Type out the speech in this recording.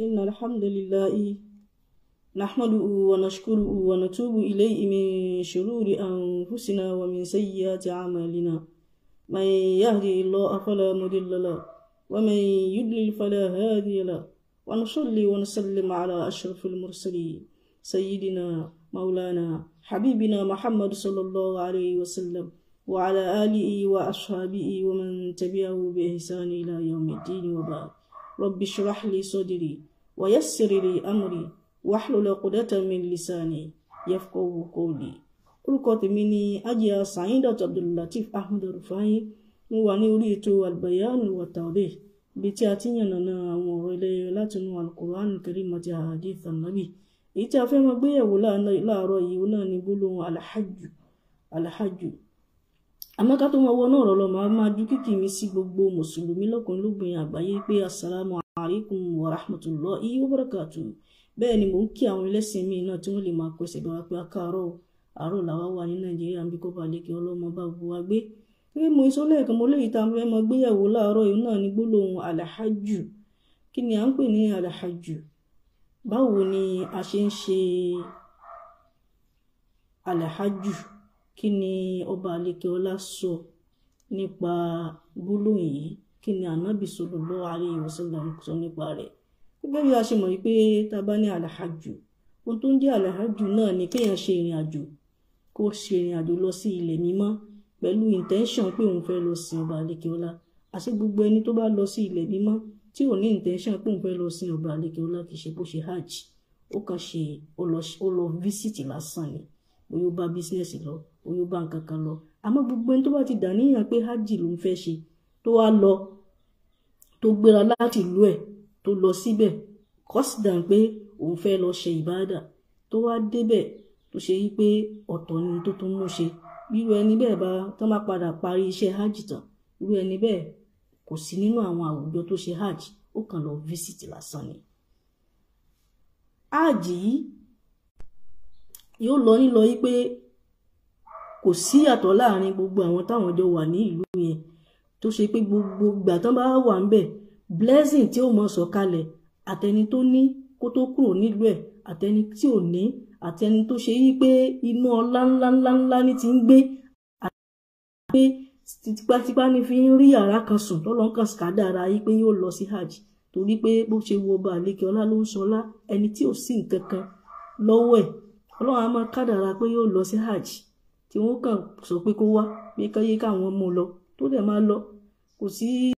إن الحمد لله نحمده ونشكره ونتوب إليه من شرور أنفسنا ومن سيئات أعمالنا من يهدي الله فلا مضل له ومن يضلل فلا هادي له ونصلي ونسلم على أشرف المرسلين سيدنا مولانا حبيبنا محمد صلى الله عليه وسلم وعلى آله وأصحابه ومن تبعه بإحسان إلى يوم الدين وبعد رب اشرح لي صدري ويسر لي أمري واحلل عقدة من لساني يفقه قولي orúkọ tèmi ni Hajiya Saeedat Abdullateef Ahmed Rufai mo wà ní orí ètò Al-Bayan wa Tawdeeh ibi tí a ti yànnàna àwọn ọ̀rọ̀ ẹlẹ́yọ látinú Al-Qur'an Karim àti hadith èyí tí a fẹ́ máa gbéyẹ̀wò láàárọ̀ yìí náà ni gbólóhùn alhajju alhajju àmọ́ ká tó mọ ọwọ́ náà rọlọ́ máa máa ju kíkì mi sí gbogbo mùsùlùmí lọ́kùnrin lóbìnrin àgbáyé pé asalaamu alaykum wa rahmatulahi wa barakatuh bẹ́ẹ̀ ni mò ń kí àwọn ẹlẹ́sìn mi náà tí wọ́n lè máa pèsè bí wá pé akáàárọ̀ àárọ̀ làwa wà ní nàìjíríà ń bí kó ba lè ọlọ́mọ bá gbogbo wa gbé pé mo sọ lẹ́ẹ̀kan mo léyìí tá a fẹ́ mọ gbéyàwó láàárọ̀ yìí náà a ṣe kí ni ọba alekeola sọ nípa gbólóhùn yìí kí ni anabi sallallahu alaihi wasallam sọ nípa rẹ̀ gẹ́gẹ́ bí a ṣe mọ̀ wípé tá a bá ní alahajù ohun tó ń jẹ́ alahajù náà ni kéèyàn ṣe ìrìn àjò kó ṣe ìrìn àjò lọ sí ilẹ̀ mímọ́ pẹ̀lú intention pé òun fẹ́ lọ sin ọba alekeola àti gbogbo ẹni tó bá lọ sí ilẹ̀ mímọ́ tí ò ní intention pé òun fẹ́ lọ sin ọba alekeola kì í ṣe bó ṣe hajj ó kàn ṣe ó lọ visit lásán ni bóyá ó bá business lọ oyún bá nǹkan kan lọ àmọ́ gbogbo ẹni tó bá ti dàníyàn pé hajj ló ń fẹ́ ṣe tó wá lọ tó gbéra láti ìlú ẹ̀ tó lọ síbẹ̀ kọ́sìdàn pé òun fẹ́ lọ ṣe ìbáàdà tó wá débẹ̀ tó ṣe yí pé ọ̀tọ̀ ni tó tún mú ṣe irú ẹni bẹ́ẹ̀ bá tán bá padà parí iṣẹ́ hajj tán irú ẹni bẹ́ẹ̀ kò sí nínú àwọn àwùjọ tó ṣe hajj ó kàn lọ visit lásán ni. hajj yìí yóò lọ nílọ yí pé kò sí ìyàtọ̀ láàrin gbogbo àwọn táwọn jọ wà ní ìlú yẹn tó ṣe pé gbogbo ìgbà tán bá wà ń bẹ blessing tí ó mọ sọ̀kalẹ̀ àtẹni tó ní kó tó kúrò nílùú ẹ̀ àtẹni tí ò ní àtẹni tó ṣe yí pé inú ọlá ńlá ńlá ńlá ní ti ń gbé àti pé tipátipá ní fi ń rí yàrá kan sùn lọ́lọ́ kan kádàrá yí pé yóò lọ sí hajj torí pé bó ṣe wo ọba àlékè ọlá ló ń sọlá ẹni tí ò sí nǹkan kan lọ́wọ́ ẹ̀ ọlọ́run á máa kádàrá pé yóò lọ sí hajj tí wọ́n kàn sọ pé kó wá pé káyé káwọn mú lọ tó dẹ̀ máa lọ kò sí